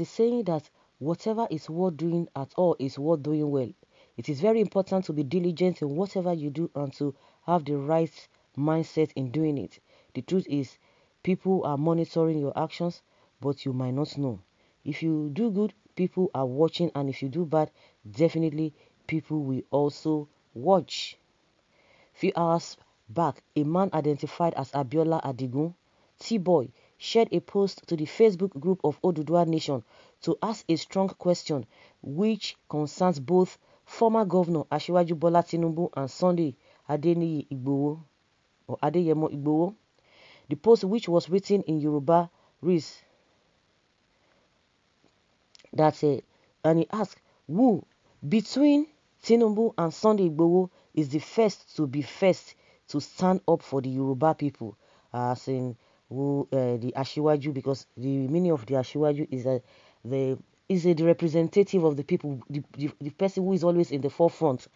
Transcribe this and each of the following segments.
a saying that whatever is worth doing at all is worth doing well. It is very important to be diligent in whatever you do and to have the right mindset in doing it. The truth is, people are monitoring your actions, but you might not know. If you do good, people are watching, and if you do bad, definitely people will also watch. Few hours back, a man identified as Abiola Adigun, T-boy, shared a post to the Facebook group of Odudua Nation to ask a strong question which concerns both former Governor Ashiwaju Bola Tinubu and Sunday Adeniyi Igboho or Adeyemo The post, which was written in Yoruba, reads that uh, and he asked, "Who between Tinubu and Sunday Igboho is the first to be first to stand up for the Yoruba people?" As in who uh, the Ashiwaju, because the meaning of the Ashiwaju is that the is a, the representative of the people, the, the, the, person who is always in the forefront.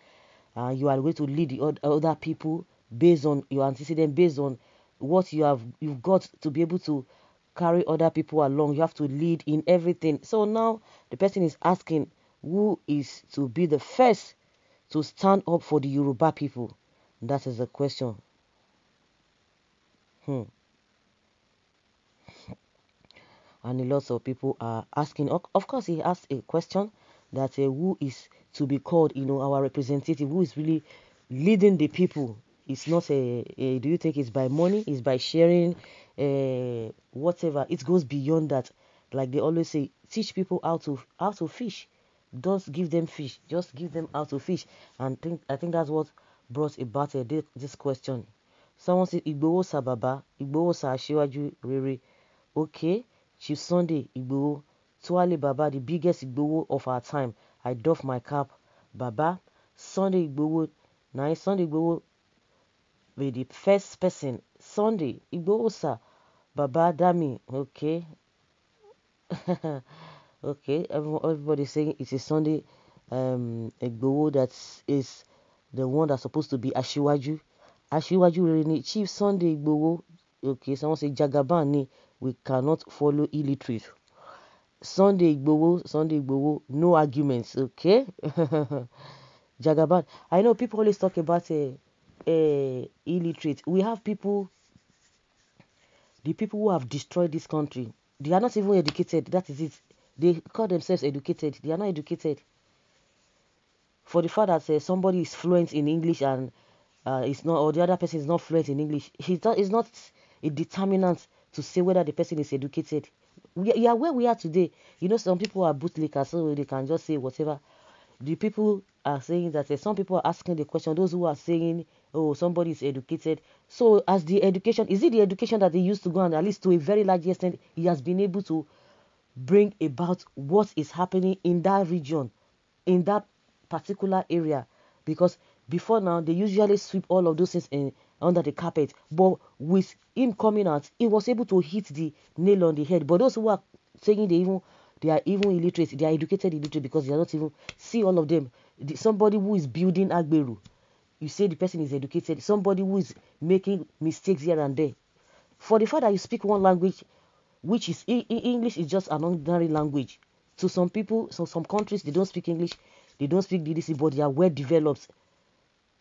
Uh, you are going to lead the other people based on your antecedent, based on what you have you've got to be able to carry other people along. You have to lead in everything. So now the person is asking who is to be the first to stand up for the Yoruba people. That is the question. Hmm and lots of people are asking. Of course, he asked a question that uh, who is to be called, you know, our representative, who is really leading the people. It's not a, a do you think it's by money, it's by sharing, uh, whatever. It goes beyond that. Like they always say, teach people how to how to fish. Don't give them fish, just give them how to fish. And think, I think that's what brought about uh, this question. Someone said, Igbowo Sababa, Igbowo Sa Ashiwaju Rere. Okay, Chief Sunday Igboho, Tuale Baba, the biggest Igboho of our time, I doff my cap. Baba, Sunday Igboho, now Sunday Igboho be the first person. Sunday Igboho, sir. Baba Dami, okay. okay, everybody saying it's a Sunday um, that is the one that's supposed to be Ashiwaju. Ashiwaju Rere Chief Sunday Igboho. Okay, someone say Jagaban ni we cannot follow illiterate. Sunday Igbowo, Sunday Igbowo, no arguments, okay? Jagaban. I know people always talk about uh, uh, illiterate. We have people, the people who have destroyed this country, they are not even educated. That is it. They call themselves educated. They are not educated. For the fact that uh, somebody is fluent in English and uh, it's not, or the other person is not fluent in English, it's not, it's not a determinant to say whether the person is educated. We are, you are where we are today. You know, some people are bootlickers, so they can just say whatever. The people are saying that uh, some people are asking the question, those who are saying, oh, somebody is educated. So, as the education, is it the education that they used to go and at least to a very large extent, he has been able to bring about what is happening in that region, in that particular area? Because before now, they usually sweep all of those things in, under the carpet. But with him coming out, he was able to hit the nail on the head. But those who are saying they even they are even illiterate, they are educated illiterate because they are not even see all of them. The, somebody who is building Agberu, you say the person is educated. Somebody who is making mistakes here and there. For the fact that you speak one language, which is English, is just an ordinary language. To some people, so some countries, they don't speak English, they don't speak DDC, but they are well developed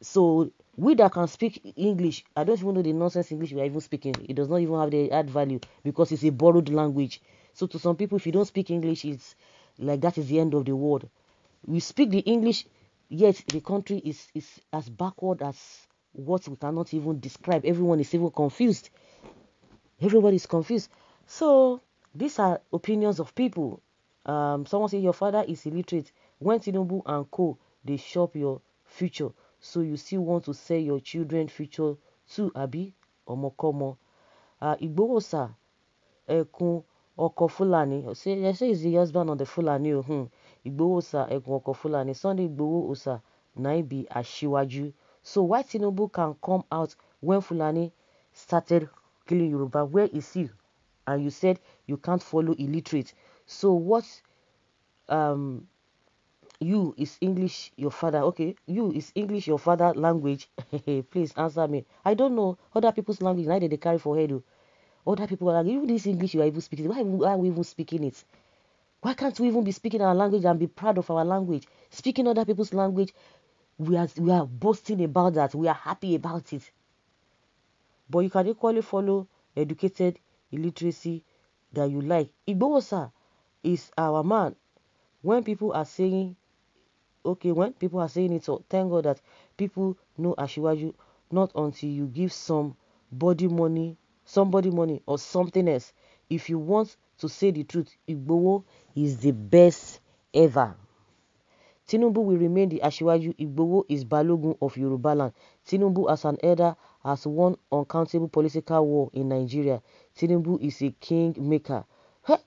so we that can speak English, I don't even know the nonsense English we are even speaking. It does not even have the add value because it's a borrowed language. So to some people, if you don't speak English, it's like that is the end of the world. We speak the English, yet the country is is as backward as what we cannot even describe. Everyone is even confused. Everybody is confused. So these are opinions of people. Um, someone said your father is illiterate. When Tinubu and Co. they shop your future. So you still want to sell your children future to Abi Omokomo. Uh, Igbowosa, Ekun, Oko Fulani. Say, they say is the husband of the Fulani. Hmm. Igbowosa, Ekun, Oko Fulani. Sunday Igbowosa, Naibi Ashiwaju. So why Tinubu can come out when Fulani started killing Yoruba? Where is he? And you said you can't follow illiterate. So what um you is English your father. Okay, you is English your father language. Please answer me. I don't know other people's language. Neither they carry for head. Oh. Other people are like, even this English you are even speaking. Why, why are we even speaking it? Why can't we even be speaking our language and be proud of our language? Speaking other people's language, we are we are boasting about that. We are happy about it. But you can equally follow educated illiteracy that you like. Igbowosa is our man. When people are saying okay, when people are saying it, so thank God that people know Ashiwaju not until you give some body money, somebody money or something else. If you want to say the truth, Igbowo is the best ever. Tinubu will remain the Ashiwaju. Igbowo is Balogun of Yoruba land. Tinubu as an elder has won uncountable political war in Nigeria. Tinubu is a kingmaker. Hey,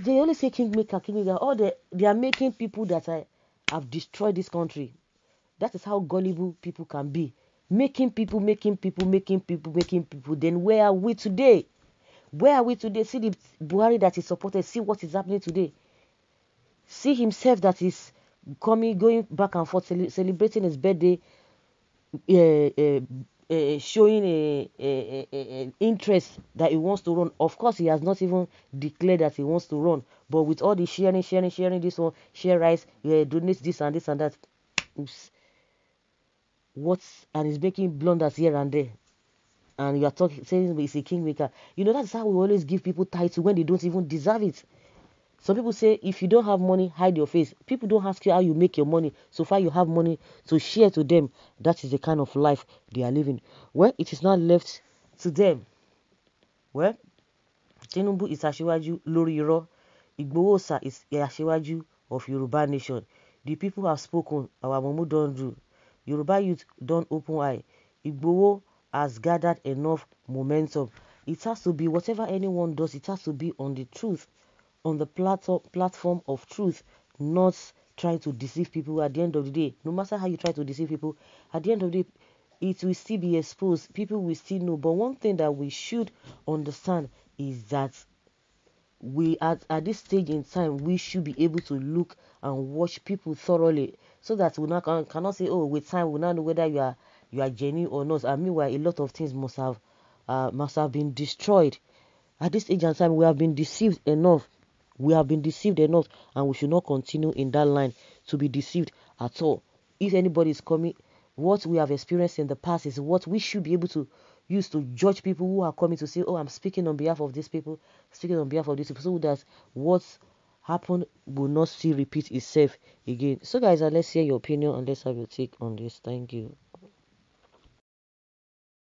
they only say kingmaker, kingmaker. Oh, they, they are making people that are have destroyed this country. That is how gullible people can be. Making people, making people, making people, making people. Then where are we today? Where are we today? See the Buhari that is supported. See what is happening today. See himself that is coming, going back and forth, celebrating his birthday, uh, uh, uh, showing a, interest that he wants to run. Of course, he has not even declared that he wants to run. But with all the sharing, sharing, sharing this one, share rice, yeah, donate this and this and that. Oops. What's and he's making blunders here and there. And you are talking saying he's a kingmaker. You know that's how we always give people title when they don't even deserve it. Some people say if you don't have money, hide your face. People don't ask you how you make your money. So far, you have money to share to them. That is the kind of life they are living. Well, it is not left to them. Well, is lórí Igbohosa is Asiwaju of Yoruba nation. The people have spoken. Our Mumu don't do. Yoruba youth don't open eye. Igboho has gathered enough momentum. It has to be whatever anyone does, it has to be on the truth, on the plat- platform of truth, not trying to deceive people at the end of the day. No matter how you try to deceive people, at the end of the day, it will still be exposed. People will still know. But one thing that we should understand is that we at, at this stage in time we should be able to look and watch people thoroughly so that we now can, cannot say oh with time we now know whether you are you are genuine or not i mean a lot of things must have uh, must have been destroyed at this age and time we have been deceived enough we have been deceived enough and we should not continue in that line to be deceived at all if anybody is coming what we have experienced in the past is what we should be able to used to judge people who are coming to say, oh, I'm speaking on behalf of these people, speaking on behalf of these people, so that what happened will not see repeat itself again. So, guys, uh, let's hear your opinion and let's have your take on this. Thank you.